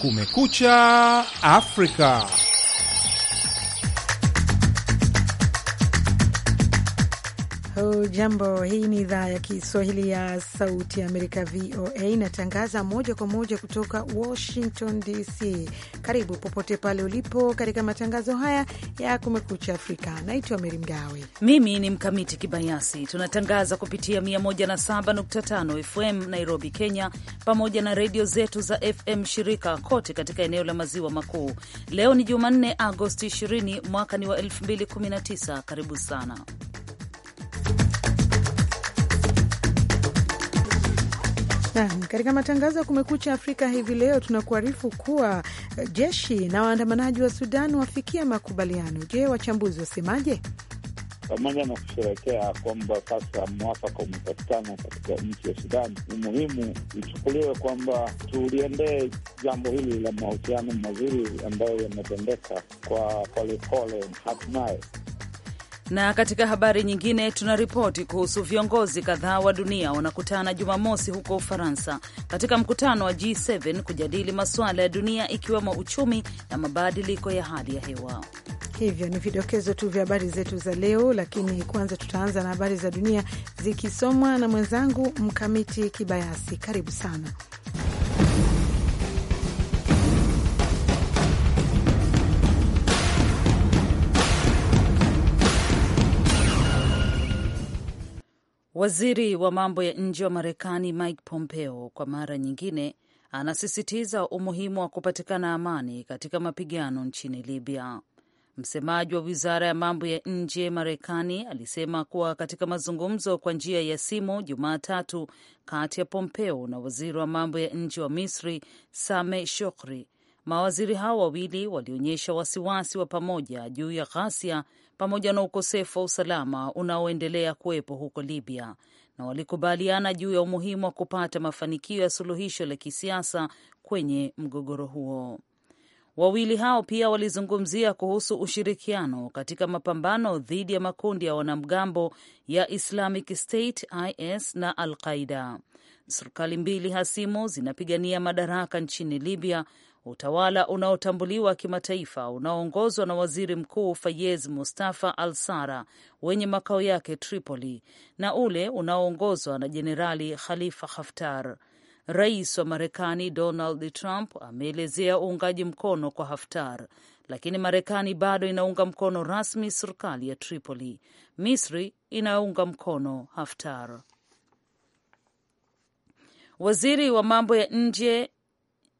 Kumekucha Afrika. jambo hii ni idhaa ya Kiswahili ya Sauti ya Amerika, VOA, inatangaza moja kwa moja kutoka Washington DC. Karibu popote pale ulipo katika matangazo haya ya Kumekucha Afrika. Naitwa Meri Mgawe, mimi ni Mkamiti Kibayasi. Tunatangaza kupitia 107.5 FM Nairobi, Kenya, pamoja na redio zetu za FM shirika kote katika eneo la maziwa makuu. Leo ni Jumanne, Agosti 20 mwaka ni wa 2019. Karibu sana Nam, katika matangazo ya Kumekucha Afrika hivi leo tunakuarifu kuwa eh, jeshi na waandamanaji wa Sudan wafikia makubaliano. Je, wachambuzi wasemaje? Pamoja na kusherekea kwamba sasa mwafaka umepatikana katika nchi ya Sudan, ni muhimu ichukuliwe kwamba tuliendee jambo hili la mahusiano mazuri ambayo yametendeka kwa polepole hatimaye na katika habari nyingine tunaripoti kuhusu viongozi kadhaa wa dunia wanakutana Jumamosi huko Ufaransa katika mkutano wa G7 kujadili masuala ya dunia ikiwemo uchumi na mabadiliko ya hali ya hewa. Hivyo ni vidokezo tu vya habari zetu za leo, lakini kwanza tutaanza na habari za dunia zikisomwa na mwenzangu Mkamiti Kibayasi. Karibu sana. Waziri wa mambo ya nje wa Marekani Mike Pompeo kwa mara nyingine anasisitiza umuhimu wa kupatikana amani katika mapigano nchini Libya. Msemaji wa wizara ya mambo ya nje Marekani alisema kuwa katika mazungumzo kwa njia ya simu Jumatatu kati ya Pompeo na waziri wa mambo ya nje wa Misri same Shokri, mawaziri hao wawili walionyesha wasiwasi wa pamoja juu ya ghasia pamoja na ukosefu wa usalama unaoendelea kuwepo huko Libya na walikubaliana juu ya umuhimu wa kupata mafanikio ya suluhisho la kisiasa kwenye mgogoro huo. Wawili hao pia walizungumzia kuhusu ushirikiano katika mapambano dhidi ya makundi ya wanamgambo ya Islamic State IS na Al Qaida. Serikali mbili hasimu zinapigania madaraka nchini Libya utawala unaotambuliwa kimataifa unaoongozwa na waziri mkuu Fayez Mustafa Al Sara wenye makao yake Tripoli na ule unaoongozwa na Jenerali Khalifa Haftar. Rais wa Marekani Donald Trump ameelezea uungaji mkono kwa Haftar, lakini Marekani bado inaunga mkono rasmi serikali ya Tripoli. Misri inaunga mkono Haftar. Waziri wa mambo ya nje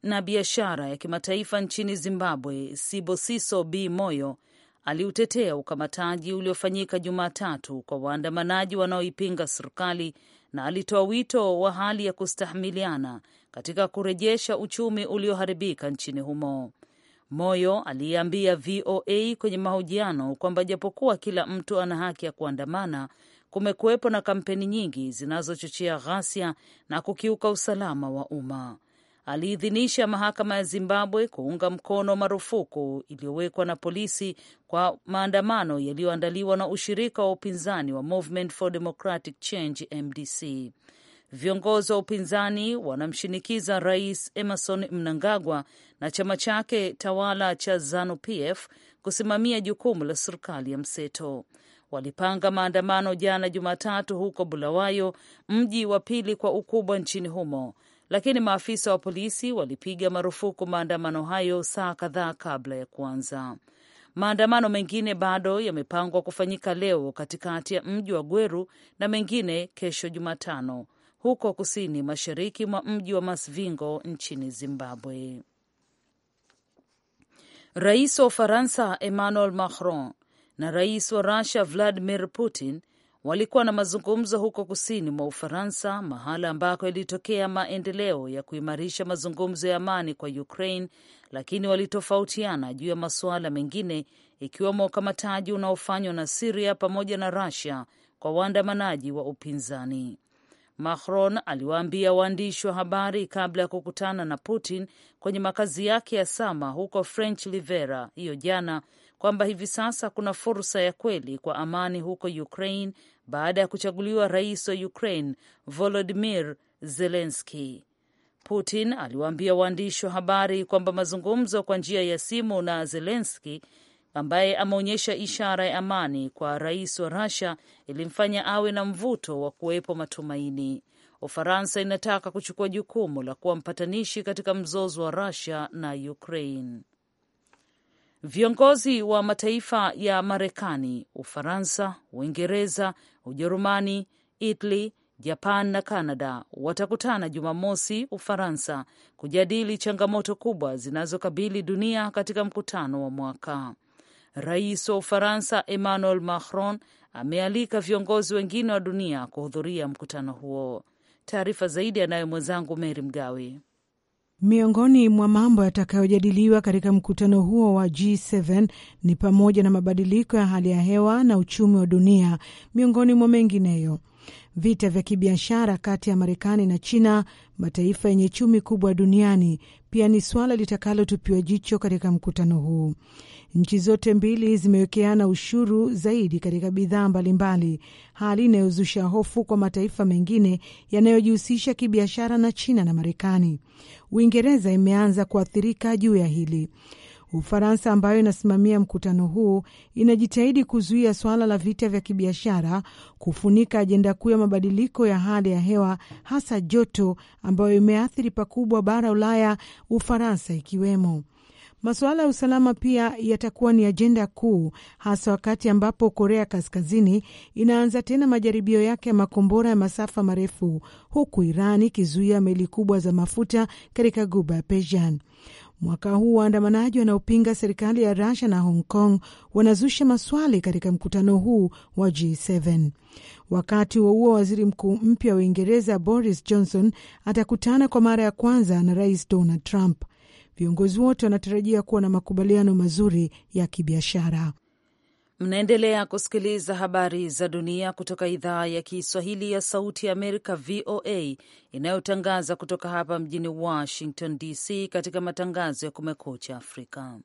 na biashara ya kimataifa nchini Zimbabwe, Sibosiso B Moyo aliutetea ukamataji uliofanyika Jumatatu kwa waandamanaji wanaoipinga serikali na alitoa wito wa hali ya kustahimiliana katika kurejesha uchumi ulioharibika nchini humo. Moyo aliyeambia VOA kwenye mahojiano kwamba japokuwa kila mtu ana haki ya kuandamana, kumekuwepo na kampeni nyingi zinazochochea ghasia na kukiuka usalama wa umma aliidhinisha mahakama ya Zimbabwe kuunga mkono marufuku iliyowekwa na polisi kwa maandamano yaliyoandaliwa na ushirika wa upinzani wa Movement for Democratic Change MDC. Viongozi wa upinzani wanamshinikiza Rais Emerson Mnangagwa na chama chake tawala cha ZANU-PF kusimamia jukumu la serikali ya mseto. Walipanga maandamano jana Jumatatu huko Bulawayo, mji wa pili kwa ukubwa nchini humo, lakini maafisa wa polisi walipiga marufuku maandamano hayo saa kadhaa kabla ya kuanza. Maandamano mengine bado yamepangwa kufanyika leo katikati ya mji wa Gweru na mengine kesho Jumatano huko kusini mashariki mwa mji wa Masvingo nchini Zimbabwe. Rais wa Ufaransa Emmanuel Macron na rais wa Russia Vladimir Putin walikuwa na mazungumzo huko kusini mwa Ufaransa, mahala ambako yalitokea maendeleo ya kuimarisha mazungumzo ya amani kwa Ukraine, lakini walitofautiana juu ya masuala mengine ikiwemo ukamataji unaofanywa na Siria pamoja na Rusia kwa waandamanaji wa upinzani. Macron aliwaambia waandishi wa habari kabla ya kukutana na Putin kwenye makazi yake ya Sama huko French Riviera hiyo jana kwamba hivi sasa kuna fursa ya kweli kwa amani huko Ukraine baada ya kuchaguliwa rais wa Ukraine Volodymyr Zelensky. Putin aliwaambia waandishi wa habari kwamba mazungumzo kwa njia ya simu na Zelensky ambaye ameonyesha ishara ya amani kwa rais wa Russia ilimfanya awe na mvuto wa kuwepo matumaini. Ufaransa inataka kuchukua jukumu la kuwa mpatanishi katika mzozo wa Russia na Ukraine. Viongozi wa mataifa ya Marekani, Ufaransa, Uingereza, Ujerumani, Italy, Japan na canada watakutana Jumamosi Ufaransa kujadili changamoto kubwa zinazokabili dunia katika mkutano wa mwaka. Rais wa Ufaransa Emmanuel Macron amealika viongozi wengine wa dunia kuhudhuria mkutano huo. Taarifa zaidi anayo mwenzangu Meri Mgawe. Miongoni mwa mambo yatakayojadiliwa katika mkutano huo wa G7 ni pamoja na mabadiliko ya hali ya hewa na uchumi wa dunia, miongoni mwa mengineyo. Vita vya kibiashara kati ya Marekani na China, mataifa yenye chumi kubwa duniani, pia ni suala litakalotupiwa jicho katika mkutano huu. Nchi zote mbili zimewekeana ushuru zaidi katika bidhaa mbalimbali, hali inayozusha hofu kwa mataifa mengine yanayojihusisha kibiashara na China na Marekani. Uingereza imeanza kuathirika juu ya hili. Ufaransa ambayo inasimamia mkutano huu inajitahidi kuzuia suala la vita vya kibiashara kufunika ajenda kuu ya mabadiliko ya hali ya hewa, hasa joto, ambayo imeathiri pakubwa bara Ulaya, Ufaransa ikiwemo. Masuala ya usalama pia yatakuwa ni ajenda kuu, hasa wakati ambapo Korea Kaskazini inaanza tena majaribio yake ya makombora ya masafa marefu, huku Iran ikizuia meli kubwa za mafuta katika guba ya Persian. Mwaka huu waandamanaji wanaopinga serikali ya Russia na Hong Kong wanazusha maswali katika mkutano huu wa G7. Wakati huo huo, waziri mkuu mpya wa Uingereza Boris Johnson atakutana kwa mara ya kwanza na Rais Donald Trump viongozi wote wanatarajia kuwa na makubaliano mazuri ya kibiashara. Mnaendelea kusikiliza habari za dunia kutoka idhaa ya Kiswahili ya Sauti ya Amerika, VOA, inayotangaza kutoka hapa mjini Washington DC, katika matangazo ya Kumekucha Afrika.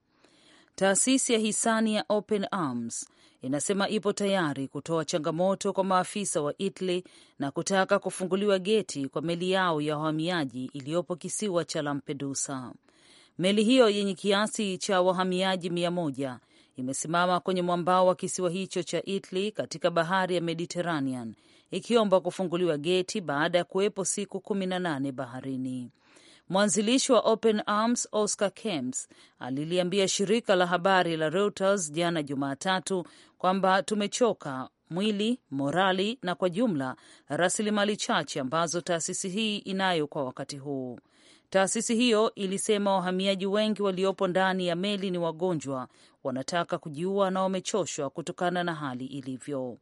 Taasisi ya hisani ya Open Arms inasema ipo tayari kutoa changamoto kwa maafisa wa Italy na kutaka kufunguliwa geti kwa meli yao ya wahamiaji iliyopo kisiwa cha Lampedusa. Meli hiyo yenye kiasi cha wahamiaji mia moja imesimama kwenye mwambao wa kisiwa hicho cha Italy katika bahari ya Mediterranean ikiomba kufunguliwa geti baada ya kuwepo siku kumi na nane baharini. Mwanzilishi wa Open Arms Oscar Camps aliliambia shirika la habari la Reuters jana Jumatatu kwamba tumechoka mwili, morali na kwa jumla rasilimali chache ambazo taasisi hii inayo kwa wakati huu. Taasisi hiyo ilisema wahamiaji wengi waliopo ndani ya meli ni wagonjwa, wanataka kujiua na wamechoshwa kutokana na hali ilivyo.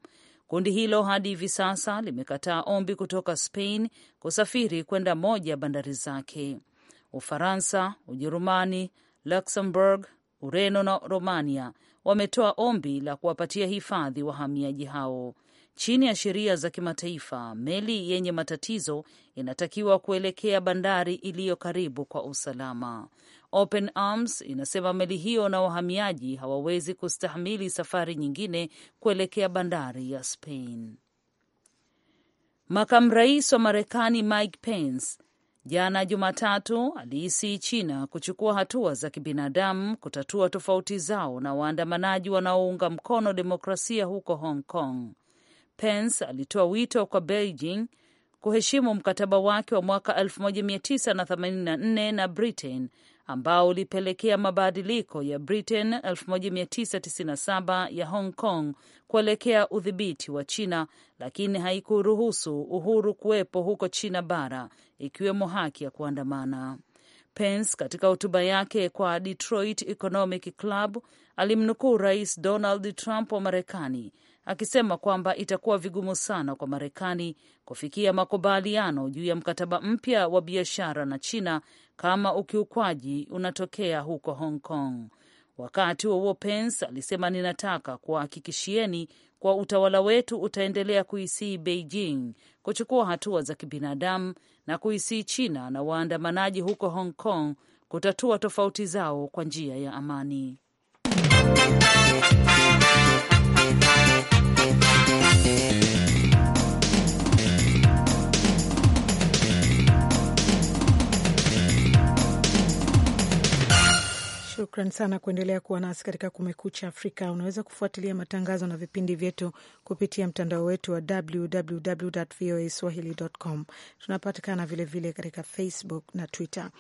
Kundi hilo hadi hivi sasa limekataa ombi kutoka Spain kusafiri kwenda moja ya bandari zake. Ufaransa, Ujerumani, Luxembourg, Ureno na Romania wametoa ombi la kuwapatia hifadhi wahamiaji hao. Chini ya sheria za kimataifa, meli yenye matatizo inatakiwa kuelekea bandari iliyo karibu kwa usalama. Open Arms inasema meli hiyo na wahamiaji hawawezi kustahimili safari nyingine kuelekea bandari ya Spain. Makamu rais wa Marekani Mike Pence jana Jumatatu aliisi China kuchukua hatua za kibinadamu kutatua tofauti zao na waandamanaji wanaounga mkono demokrasia huko Hong Kong. Pence alitoa wito kwa Beijing kuheshimu mkataba wake wa mwaka 1984 na Britain ambao ulipelekea mabadiliko ya Britain 1997 ya Hong Kong kuelekea udhibiti wa China, lakini haikuruhusu uhuru kuwepo huko China bara, ikiwemo haki ya kuandamana. Pence katika hotuba yake kwa Detroit Economic Club alimnukuu Rais Donald Trump wa Marekani akisema kwamba itakuwa vigumu sana kwa Marekani kufikia makubaliano juu ya mkataba mpya wa biashara na China kama ukiukwaji unatokea huko Hong Kong. Wakati wa huo Pence alisema, ninataka kuwahakikishieni kwa utawala wetu utaendelea kuisii Beijing kuchukua hatua za kibinadamu na kuisii China na waandamanaji huko Hong Kong kutatua tofauti zao kwa njia ya amani. Shukran sana kuendelea kuwa nasi katika Kumekucha Afrika. Unaweza kufuatilia matangazo na vipindi vyetu kupitia mtandao wetu wa www voa swahili.com. Tunapatikana vilevile katika Facebook na Twitter.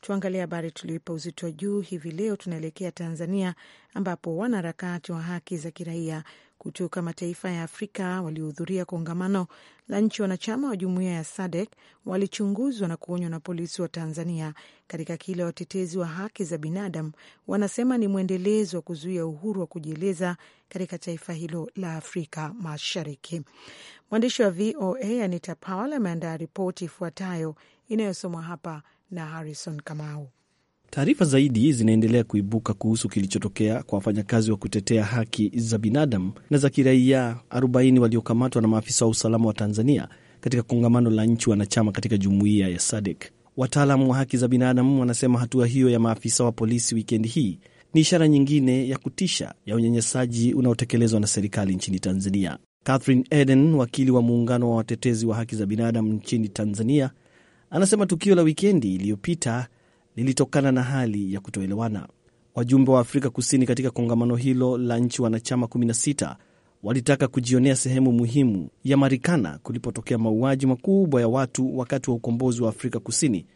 Tuangalie habari tulioipa uzito wa juu hivi leo. Tunaelekea Tanzania, ambapo wanaharakati wa haki za kiraia kutoka mataifa ya Afrika waliohudhuria kongamano la nchi wanachama wa jumuiya ya SADC walichunguzwa na kuonywa na polisi wa Tanzania katika kile watetezi wa haki za binadamu wanasema ni mwendelezo wa kuzuia uhuru wa kujieleza katika taifa hilo la Afrika Mashariki. Mwandishi wa VOA Anita Powell ameandaa ripoti ifuatayo inayosomwa hapa na Harrison Kamau. Taarifa zaidi zinaendelea kuibuka kuhusu kilichotokea kwa wafanyakazi wa kutetea haki za binadamu na za kiraia 40 waliokamatwa na maafisa wa usalama wa Tanzania katika kongamano la nchi wanachama katika jumuiya ya SADC. Wataalamu wa haki za binadamu wanasema hatua hiyo ya maafisa wa polisi wikendi hii ni ishara nyingine ya kutisha ya unyanyasaji unaotekelezwa na serikali nchini Tanzania. Catherine Eden, wakili wa muungano wa watetezi wa haki za binadamu nchini Tanzania, anasema tukio la wikendi iliyopita lilitokana na hali ya kutoelewana. Wajumbe wa Afrika Kusini katika kongamano hilo la nchi wanachama 16 walitaka kujionea sehemu muhimu ya Marikana kulipotokea mauaji makubwa ya watu wakati wa ukombozi wa Afrika Kusini,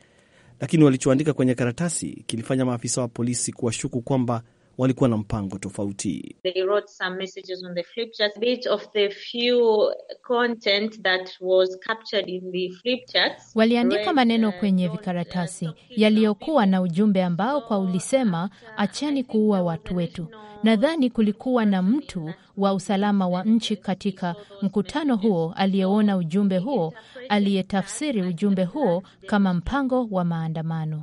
lakini walichoandika kwenye karatasi kilifanya maafisa wa polisi kuwashuku kwamba walikuwa na mpango tofauti. Waliandika maneno uh, kwenye uh, vikaratasi yaliyokuwa na ujumbe ambao kwa ulisema, uh, acheni kuua watu wetu. Nadhani kulikuwa na mtu wa usalama wa nchi katika mkutano huo aliyeona ujumbe huo, aliyetafsiri ujumbe huo kama mpango wa maandamano.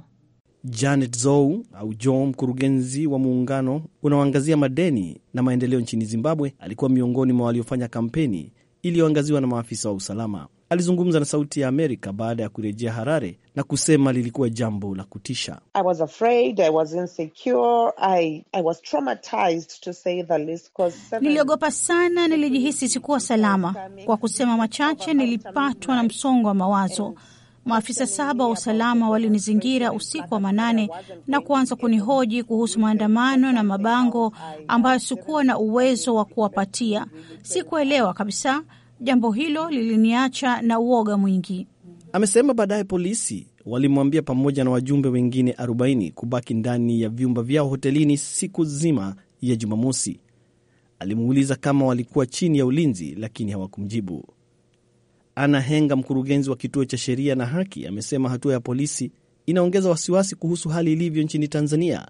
Janet Zou au Jo, mkurugenzi wa muungano unaoangazia madeni na maendeleo nchini Zimbabwe, alikuwa miongoni mwa waliofanya kampeni iliyoangaziwa na maafisa wa usalama. Alizungumza na Sauti ya Amerika baada ya kurejea Harare na kusema lilikuwa jambo la kutisha. Niliogopa sana, nilijihisi sikuwa salama. Kwa kusema machache, nilipatwa na msongo wa mawazo. Maafisa saba wa usalama walinizingira usiku wa manane na kuanza kunihoji kuhusu maandamano na mabango ambayo sikuwa na uwezo wa kuwapatia. Sikuelewa kabisa. Jambo hilo liliniacha na uoga mwingi, amesema. Baadaye polisi walimwambia pamoja na wajumbe wengine 40 kubaki ndani ya vyumba vyao hotelini siku zima ya Jumamosi. Alimuuliza kama walikuwa chini ya ulinzi, lakini hawakumjibu. Ana Henga, mkurugenzi wa kituo cha sheria na haki, amesema hatua ya polisi inaongeza wasiwasi kuhusu hali ilivyo nchini Tanzania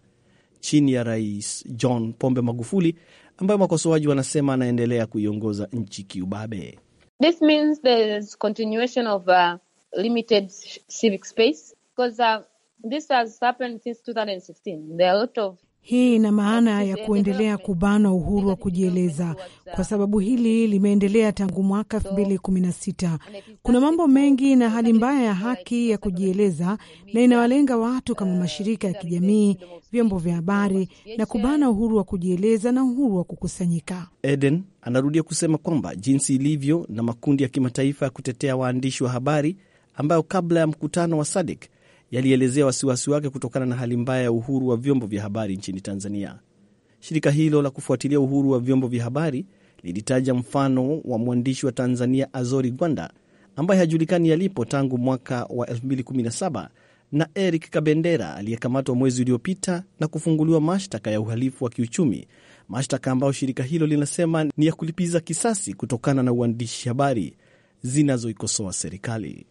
chini ya Rais John Pombe Magufuli, ambayo wakosoaji wanasema anaendelea kuiongoza nchi kiubabe. This means there's continuation of a uh, limited civic space because, uh, this has happened since 2016. There are a lot of hii ina maana ya kuendelea kubanwa uhuru wa kujieleza, kwa sababu hili limeendelea tangu mwaka 2016. Kuna mambo mengi na hali mbaya ya haki ya kujieleza, na inawalenga watu kama ah, mashirika ya kijamii, vyombo vya habari na kubana uhuru wa kujieleza na uhuru wa kukusanyika. Eden anarudia kusema kwamba jinsi ilivyo na makundi ya kimataifa ya kutetea waandishi wa habari ambayo kabla ya mkutano wa SADC yalielezea wasiwasi wake kutokana na hali mbaya ya uhuru wa vyombo vya habari nchini Tanzania. Shirika hilo la kufuatilia uhuru wa vyombo vya habari lilitaja mfano wa mwandishi wa Tanzania Azori Gwanda ambaye hajulikani yalipo tangu mwaka wa 2017 na Eric Kabendera aliyekamatwa mwezi uliopita na kufunguliwa mashtaka ya uhalifu wa kiuchumi, mashtaka ambayo shirika hilo linasema ni ya kulipiza kisasi kutokana na uandishi habari zinazoikosoa serikali.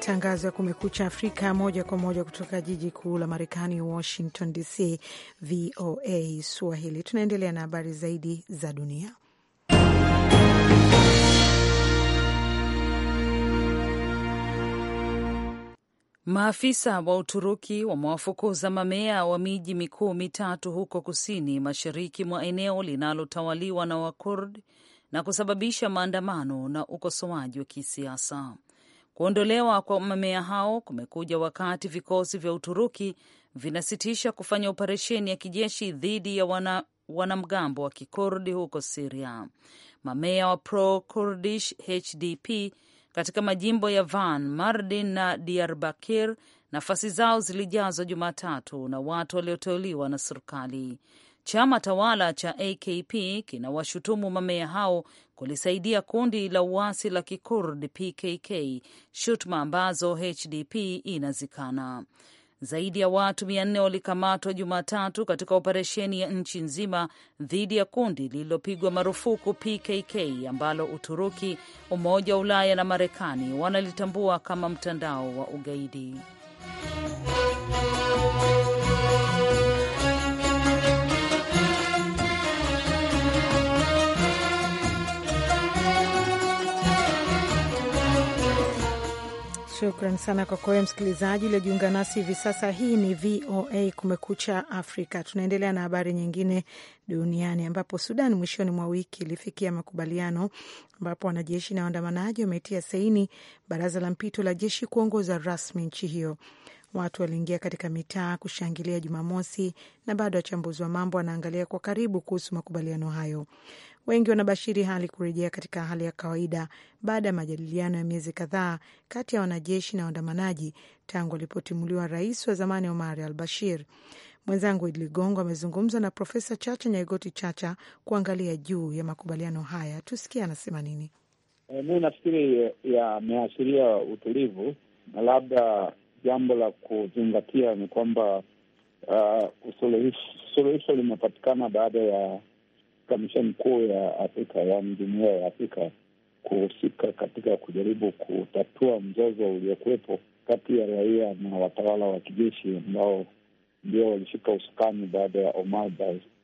matangazo ya Kumekucha Afrika moja kwa moja kutoka jiji kuu la Marekani, Washington DC. VOA Swahili, tunaendelea na habari zaidi za dunia. Maafisa wa Uturuki wamewafukuza mamea wa miji mikuu mitatu huko kusini mashariki mwa eneo linalotawaliwa na Wakurd na kusababisha maandamano na ukosoaji wa kisiasa. Kuondolewa kwa mamea hao kumekuja wakati vikosi vya Uturuki vinasitisha kufanya operesheni ya kijeshi dhidi ya wana wanamgambo wa kikurdi huko Siria. mamea wa pro Kurdish HDP katika majimbo ya Van, Mardin na diarbakir nafasi zao zilijazwa Jumatatu na watu walioteuliwa na serikali. Chama tawala cha AKP kinawashutumu mamea hao kulisaidia kundi la uasi la Kikurd PKK, shutuma ambazo HDP inazikana. Zaidi ya watu mia nne walikamatwa Jumatatu katika operesheni ya nchi nzima dhidi ya kundi lililopigwa marufuku PKK ambalo Uturuki, Umoja wa Ulaya na Marekani wanalitambua kama mtandao wa ugaidi. Shukran sana kwako wewe msikilizaji uliojiunga nasi hivi sasa. Hii ni VOA Kumekucha Afrika. Tunaendelea na habari nyingine duniani, ambapo Sudan mwishoni mwa wiki ilifikia makubaliano ambapo wanajeshi na waandamanaji wametia saini baraza la mpito la jeshi kuongoza rasmi nchi hiyo. Watu waliingia katika mitaa kushangilia Jumamosi, na bado wachambuzi wa mambo wanaangalia kwa karibu kuhusu makubaliano hayo. Wengi wanabashiri hali kurejea katika hali ya kawaida baada ya majadiliano ya miezi kadhaa kati ya wanajeshi na waandamanaji tangu alipotimuliwa rais wa zamani Omar al Bashir. Mwenzangu Idi Ligongo amezungumza na Profesa Chacha Nyaigoti Chacha kuangalia juu ya makubaliano haya. Tusikie anasema nini. E, mi nafikiri eh, yameashiria utulivu na labda jambo la kuzingatia ni kwamba uh, suluhisho limepatikana baada ya kamisheni kuu ya Afrika yaani jumuia ya Afrika kuhusika katika kujaribu kutatua mzozo uliokuwepo kati ya raia na watawala wa kijeshi ambao ndio walishika usukani baada ya Omar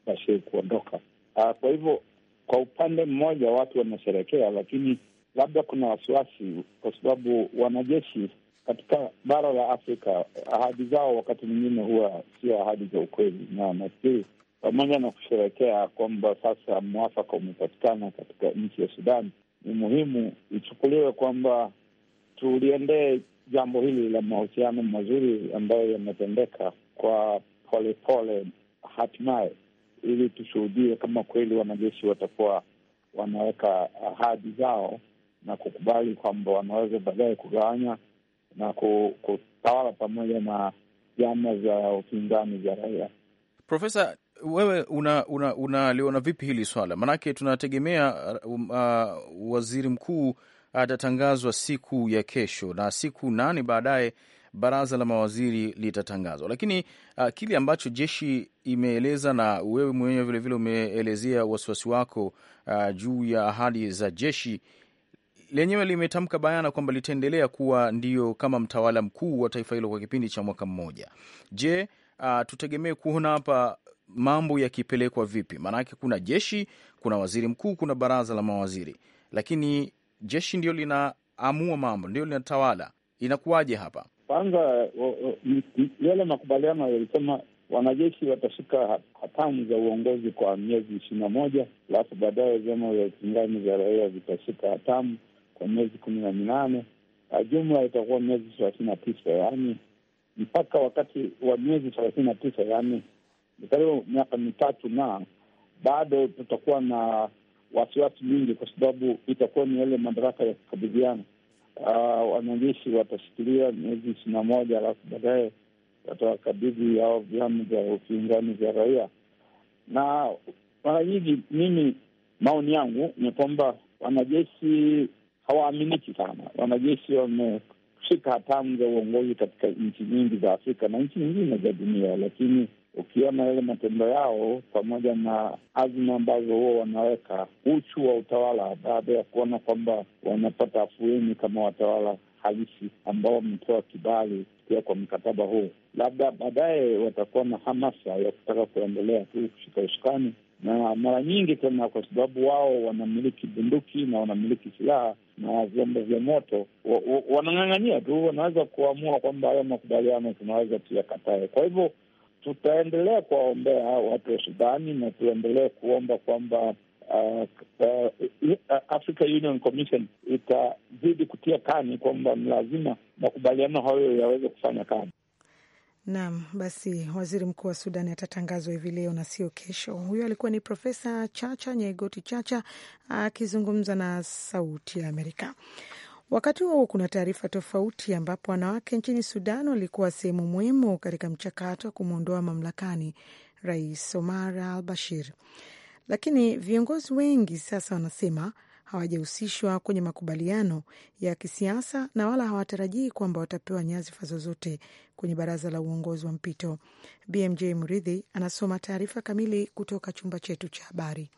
Bashir kuondoka. Ah, kwa hivyo, kwa upande mmoja watu wanasherekea, lakini labda kuna wasiwasi, kwa sababu wanajeshi katika bara la Afrika ahadi zao wakati mwingine huwa sio ahadi za ukweli, na nafikiri pamoja na kusherekea kwamba sasa mwafaka umepatikana katika nchi ya Sudan, ni muhimu ichukuliwe kwamba tuliendee jambo hili la mahusiano mazuri ambayo yametendeka kwa polepole, hatimaye ili tushuhudie kama kweli wanajeshi watakuwa wanaweka ahadi zao na kukubali kwamba wanaweza baadaye kugawanya na kutawala pamoja na vyama vya upinzani vya raia. Profesa, wewe unaliona una, una vipi hili swala? Maanake tunategemea uh, um, uh, waziri mkuu atatangazwa siku ya kesho na siku nane baadaye baraza la mawaziri litatangazwa, lakini uh, kile ambacho jeshi imeeleza na wewe mwenyewe vilevile umeelezea wasiwasi wako uh, juu ya ahadi za jeshi lenyewe, limetamka bayana kwamba litaendelea kuwa ndio kama mtawala mkuu wa taifa hilo kwa kipindi cha mwaka mmoja. Je, uh, tutegemee kuona hapa mambo yakipelekwa vipi? Maanake kuna jeshi, kuna waziri mkuu, kuna baraza la mawaziri, lakini jeshi ndio linaamua mambo, ndio linatawala. Inakuwaje hapa? Kwanza yale makubaliano yalisema wanajeshi watashika hatamu za uongozi kwa miezi ishirini na moja alafu baadaye vyama vya upingani vya raia vitashika hatamu kwa miezi kumi na minane jumla itakuwa miezi thelathini na tisa yaani mpaka wakati wa miezi thelathini na tisa yaani ni karibu miaka mitatu, na bado tutakuwa na wasiwasi mingi, kwa sababu itakuwa ni yale madaraka ya kukabidhiana. Uh, wanajeshi watashikilia miezi ishirini na moja alafu baadaye watawakabidhi ao vyama vya upinzani vya raia. Na mara nyingi, mimi maoni yangu ni kwamba wanajeshi hawaaminiki sana, wanajeshi wame kushika hatamu za uongozi katika nchi nyingi za Afrika na nchi nyingine za dunia, lakini ukiona yale matendo yao pamoja na azma ambazo huwa wanaweka, uchu wa utawala, baada ya kuona kwamba wanapata afueni kama watawala halisi ambao wametoa kibali pia kwa mkataba huu, labda baadaye watakuwa na hamasa ya kutaka kuendelea tu kushika usukani na mara nyingi tena, kwa sababu wao wanamiliki bunduki na wanamiliki silaha na vyombo vya moto, wanang'ang'ania tu, wanaweza kuamua kwamba hayo makubaliano tunaweza tuyakatae. Kwa hivyo tutaendelea kuwaombea watu wa Sudani na tuendelee kuomba kwamba Uh, uh, uh Africa Union Commission itazidi kutia kani kwamba ni lazima makubaliano hayo yaweze kufanya kazi. Naam, basi waziri mkuu wa sudani atatangazwa hivi leo na sio kesho. Huyo alikuwa ni Profesa Chacha nyegoti Chacha akizungumza na Sauti ya Amerika. Wakati huo kuna taarifa tofauti ambapo wanawake nchini Sudan walikuwa sehemu muhimu katika mchakato wa kumwondoa mamlakani Rais Omar al Bashir, lakini viongozi wengi sasa wanasema hawajahusishwa kwenye makubaliano ya kisiasa na wala hawatarajii kwamba watapewa nyadhifa zozote kwenye baraza la uongozi wa mpito. BMJ Mridhi anasoma taarifa kamili kutoka chumba chetu cha habari.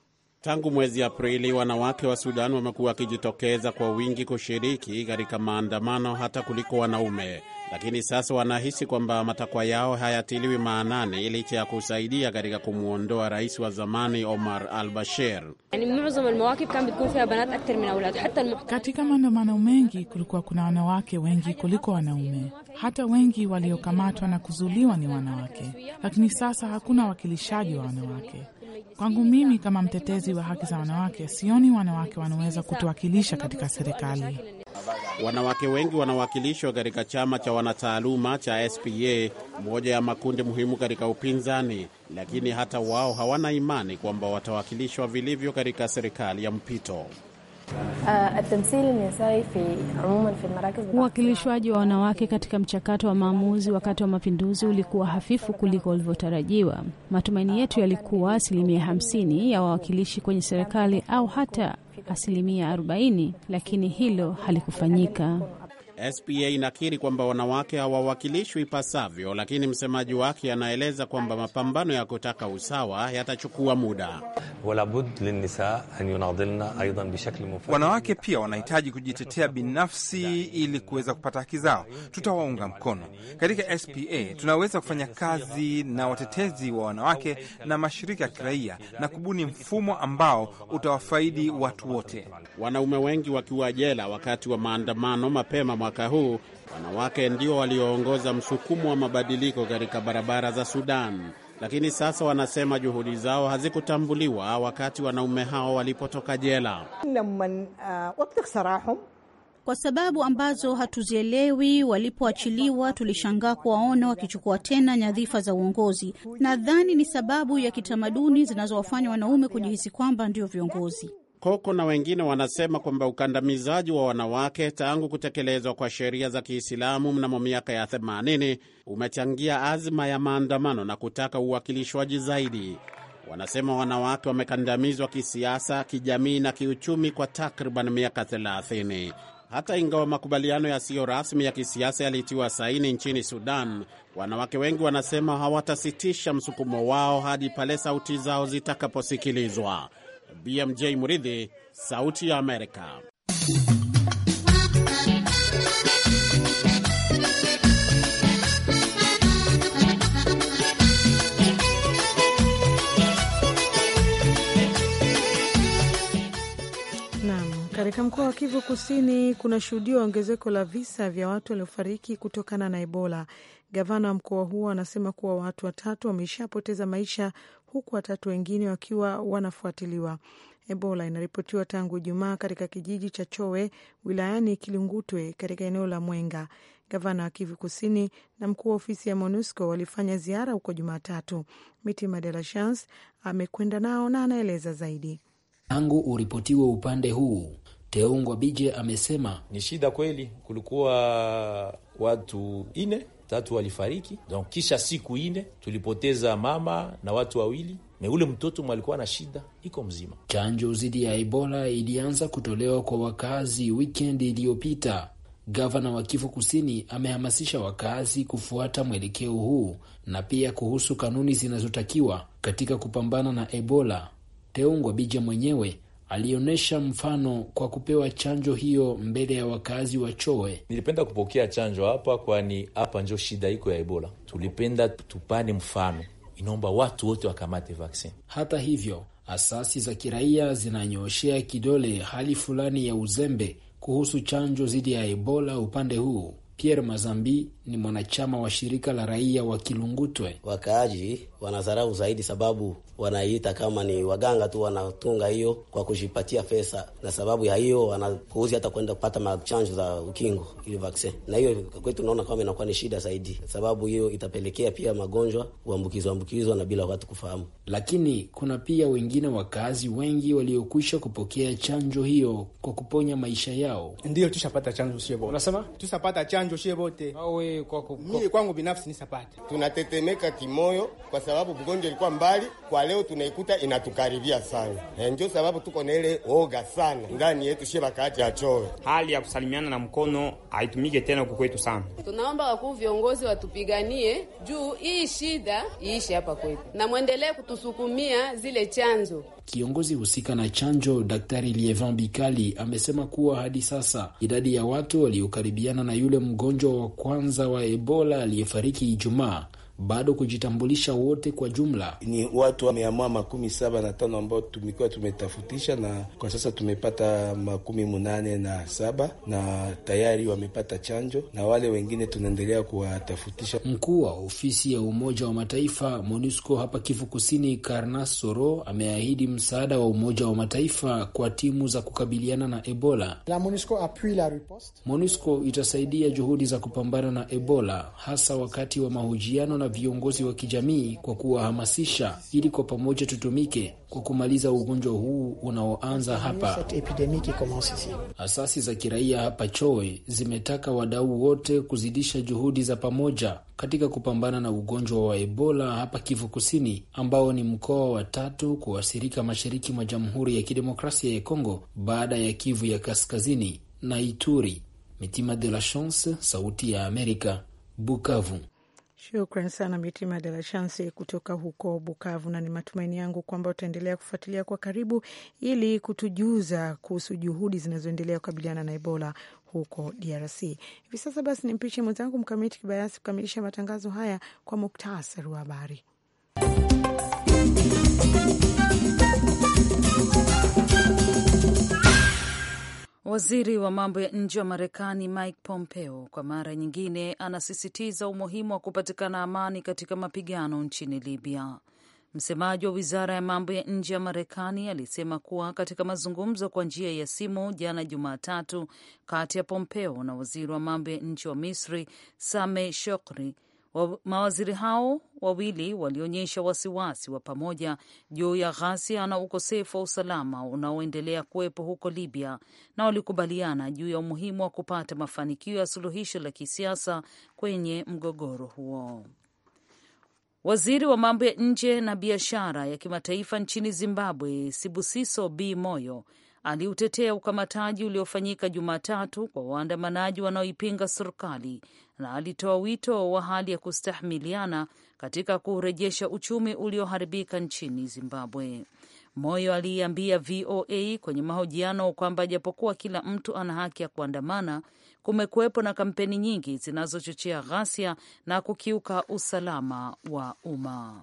Tangu mwezi Aprili, wanawake wa Sudan wamekuwa wakijitokeza kwa wingi kushiriki katika maandamano hata kuliko wanaume, lakini sasa wanahisi kwamba matakwa yao hayatiliwi maanani licha ya kusaidia katika kumwondoa rais wa zamani Omar al Bashir. Katika maandamano mengi kulikuwa kuna wanawake wengi kuliko wanaume, hata wengi waliokamatwa na kuzuliwa ni wanawake, lakini sasa hakuna wakilishaji wa wanawake. Kwangu mimi kama mtetezi wa haki za wanawake, sioni wanawake wanaweza kutuwakilisha katika serikali. Wanawake wengi wanawakilishwa katika chama cha wanataaluma cha SPA, moja ya makundi muhimu katika upinzani, lakini hata wao hawana imani kwamba watawakilishwa vilivyo katika serikali ya mpito. Uh, Uwakilishwaji wa wanawake katika mchakato wa maamuzi wakati wa mapinduzi ulikuwa hafifu kuliko ulivyotarajiwa. Matumaini yetu yalikuwa asilimia hamsini ya wawakilishi kwenye serikali au hata asilimia arobaini, lakini hilo halikufanyika. SPA inakiri kwamba wanawake hawawakilishwi ipasavyo, lakini msemaji wake anaeleza kwamba mapambano ya kutaka usawa yatachukua muda. Wanawake pia wanahitaji kujitetea binafsi ili kuweza kupata haki zao. Tutawaunga mkono katika SPA. Tunaweza kufanya kazi na watetezi wa wanawake na mashirika ya kiraia na kubuni mfumo ambao utawafaidi watu wote. Wanaume wengi wakiwa jela wakati wa maandamano mapema mwaka huu, wanawake ndio walioongoza msukumo wa mabadiliko katika barabara za Sudan, lakini sasa wanasema juhudi zao hazikutambuliwa wakati wanaume hao walipotoka jela ah, kwa sababu ambazo hatuzielewi. Walipoachiliwa tulishangaa kuwaona wakichukua tena nyadhifa za uongozi. Nadhani ni sababu ya kitamaduni zinazowafanya wanaume kujihisi kwamba ndio viongozi. Koko na wengine wanasema kwamba ukandamizaji wa wanawake tangu kutekelezwa kwa sheria za Kiislamu mnamo miaka ya 80 umechangia azma ya maandamano na kutaka uwakilishwaji zaidi. Wanasema wanawake wamekandamizwa kisiasa, kijamii na kiuchumi kwa takriban miaka 30. Hata ingawa makubaliano yasiyo rasmi ya kisiasa yalitiwa saini nchini Sudan, wanawake wengi wanasema hawatasitisha msukumo wao hadi pale sauti zao zitakaposikilizwa. BMJ Muridhi, Sauti ya Amerika. Katika mkoa wa Kivu Kusini kuna ongezeko la visa vya watu waliofariki kutokana na Ebola Gavana wa mkoa huo anasema kuwa watu watatu wameshapoteza maisha huku watatu wengine wakiwa wanafuatiliwa. Ebola inaripotiwa tangu Ijumaa katika kijiji cha Chowe wilayani Kilungutwe katika eneo la Mwenga. Gavana wa Kivu Kusini na mkuu wa ofisi ya MONUSCO walifanya ziara huko Jumatatu. Mitima De La Chance amekwenda nao na anaeleza zaidi. Tangu uripotiwe upande huu, Teungwa Bije amesema ni shida kweli, kulikuwa watu ine tatu walifariki. Donc kisha siku ine tulipoteza mama na watu wawili me ule mtoto mwalikuwa na shida iko mzima. Chanjo dhidi ya Ebola ilianza kutolewa kwa wakazi wikendi iliyopita. Gavana wa Kivu Kusini amehamasisha wakazi kufuata mwelekeo huu na pia kuhusu kanuni zinazotakiwa katika kupambana na Ebola. Teungwa Bija mwenyewe alionyesha mfano kwa kupewa chanjo hiyo mbele ya wakazi wa Choe. Nilipenda kupokea chanjo hapa, kwani hapa njo shida iko ya Ebola. Tulipenda tupane mfano, inaomba watu wote wakamate vaksin. Hata hivyo, asasi za kiraia zinanyooshea kidole hali fulani ya uzembe kuhusu chanjo dhidi ya Ebola upande huu. Pierre Mazambi ni mwanachama wa shirika la raia wa Kilungutwe. Wakaaji wanadharau zaidi, sababu wanaiita kama ni waganga tu, wanatunga hiyo kwa kujipatia pesa, na sababu ya hiyo wanapuuzi hata kwenda kupata machanjo za ukingo, hiyo vaksin, Na hiyo kwetu unaona kama inakuwa ni shida zaidi, sababu hiyo itapelekea pia magonjwa kuambukizwa ambukizwa na bila watu kufahamu. Lakini kuna pia wengine wakaazi wengi waliokwisha kupokea chanjo hiyo kwa kuponya maisha yao. Ndiyo, tushapata chanjo shie bote, unasema tushapata chanjo shie bote awe hiyo kwa... Mimi kwangu binafsi nisapata, tunatetemeka kimoyo kwa sababu mgonjwa ilikuwa mbali, kwa leo tunaikuta inatukaribia sana. E, ndio sababu tuko na ile oga sana ndani yetu, shie bakaaji achowe. Hali ya kusalimiana na mkono haitumike tena huko kwetu sana. Tunaomba wakuu viongozi watupiganie juu hii shida iishi hapa kwetu, na mwendelee kutusukumia zile chanzo. Kiongozi husika na chanjo Daktari Lievan Bikali amesema kuwa hadi sasa idadi ya watu waliokaribiana na yule mgonjwa wa kwanza wa Ebola aliyefariki Ijumaa bado kujitambulisha wote kwa jumla ni watu mia moja makumi saba na tano ambao tumekuwa tumetafutisha, na kwa sasa tumepata makumi munane na saba na tayari wamepata chanjo, na wale wengine tunaendelea kuwatafutisha. Mkuu wa ofisi ya Umoja wa Mataifa MONUSCO hapa Kivu Kusini, Karnas Soro, ameahidi msaada wa Umoja wa Mataifa kwa timu za kukabiliana na Ebola. La MONUSCO appuie la riposte. MONUSCO itasaidia juhudi za kupambana na Ebola hasa wakati wa mahojiano na viongozi wa kijamii kwa kuwahamasisha, ili kwa pamoja tutumike kwa kumaliza ugonjwa huu unaoanza hapa. Asasi za kiraia hapa Choe zimetaka wadau wote kuzidisha juhudi za pamoja katika kupambana na ugonjwa wa Ebola hapa Kivu Kusini, ambao ni mkoa wa tatu kuathirika mashariki mwa Jamhuri ya Kidemokrasia ya Kongo baada ya Kivu ya Kaskazini na Ituri. Mitima de la Chance, Sauti ya Amerika, Bukavu. Shukran sana Mitima De La Chance kutoka huko Bukavu, na ni matumaini yangu kwamba utaendelea kufuatilia kwa karibu ili kutujuza kuhusu juhudi zinazoendelea kukabiliana na Ebola huko DRC hivi sasa. Basi ni mpishe mwenzangu Mkamiti Kibayasi kukamilisha matangazo haya kwa muktasari wa habari. Waziri wa mambo ya nje wa Marekani Mike Pompeo kwa mara nyingine anasisitiza umuhimu wa kupatikana amani katika mapigano nchini Libya. Msemaji wa wizara ya mambo ya nje ya Marekani alisema kuwa katika mazungumzo kwa njia ya simu jana Jumatatu kati ya Pompeo na waziri wa mambo ya nje wa Misri same Shokri, mawaziri hao wawili walionyesha wasiwasi wa pamoja juu ya ghasia na ukosefu wa usalama unaoendelea kuwepo huko Libya na walikubaliana juu ya umuhimu wa kupata mafanikio ya suluhisho la kisiasa kwenye mgogoro huo. Waziri wa mambo ya nje na biashara ya kimataifa nchini Zimbabwe, Sibusiso B Moyo aliutetea ukamataji uliofanyika Jumatatu kwa waandamanaji wanaoipinga serikali na alitoa wito wa hali ya kustahimiliana katika kurejesha uchumi ulioharibika nchini Zimbabwe. Moyo aliiambia VOA kwenye mahojiano kwamba japokuwa kila mtu ana haki ya kuandamana, kumekuwepo na kampeni nyingi zinazochochea ghasia na kukiuka usalama wa umma.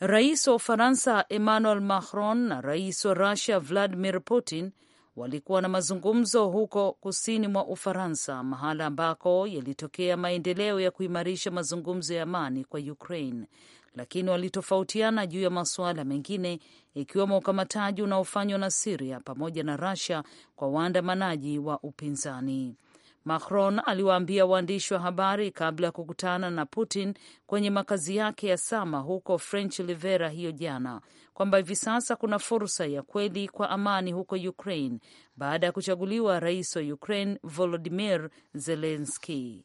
Rais wa Ufaransa Emmanuel Macron na rais wa Russia Vladimir Putin walikuwa na mazungumzo huko kusini mwa Ufaransa, mahala ambako yalitokea maendeleo ya kuimarisha mazungumzo ya amani kwa Ukraine, lakini walitofautiana juu ya masuala mengine ikiwemo ukamataji unaofanywa na Siria pamoja na rasia kwa waandamanaji wa upinzani. Macron aliwaambia waandishi wa habari kabla ya kukutana na Putin kwenye makazi yake ya Sama huko French Riviera hiyo jana kwamba hivi sasa kuna fursa ya kweli kwa amani huko Ukraine baada ya kuchaguliwa rais wa Ukraine volodimir zelenski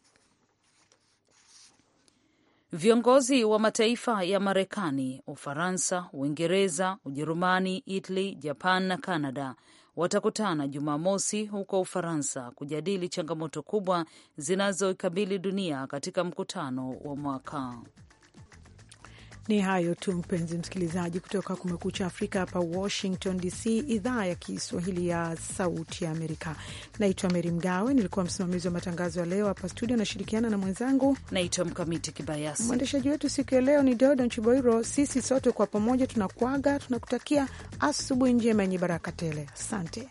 Viongozi wa mataifa ya Marekani, Ufaransa, Uingereza, Ujerumani, Italy, Japan na canada watakutana Jumamosi huko Ufaransa kujadili changamoto kubwa zinazoikabili dunia katika mkutano wa mwaka ni hayo tu mpenzi msikilizaji, kutoka Kumekucha Afrika hapa Washington DC, idhaa ya Kiswahili ya Sauti ya Amerika. Naitwa Meri Mgawe, nilikuwa msimamizi wa matangazo ya leo hapa studio, nashirikiana na mwenzangu naitwa Mkamiti Kibayasi. Mwendeshaji wetu siku ya leo ni dodo Nchiboiro. Sisi sote kwa pamoja tunakwaga tunakutakia asubuhi njema yenye baraka tele. Asante.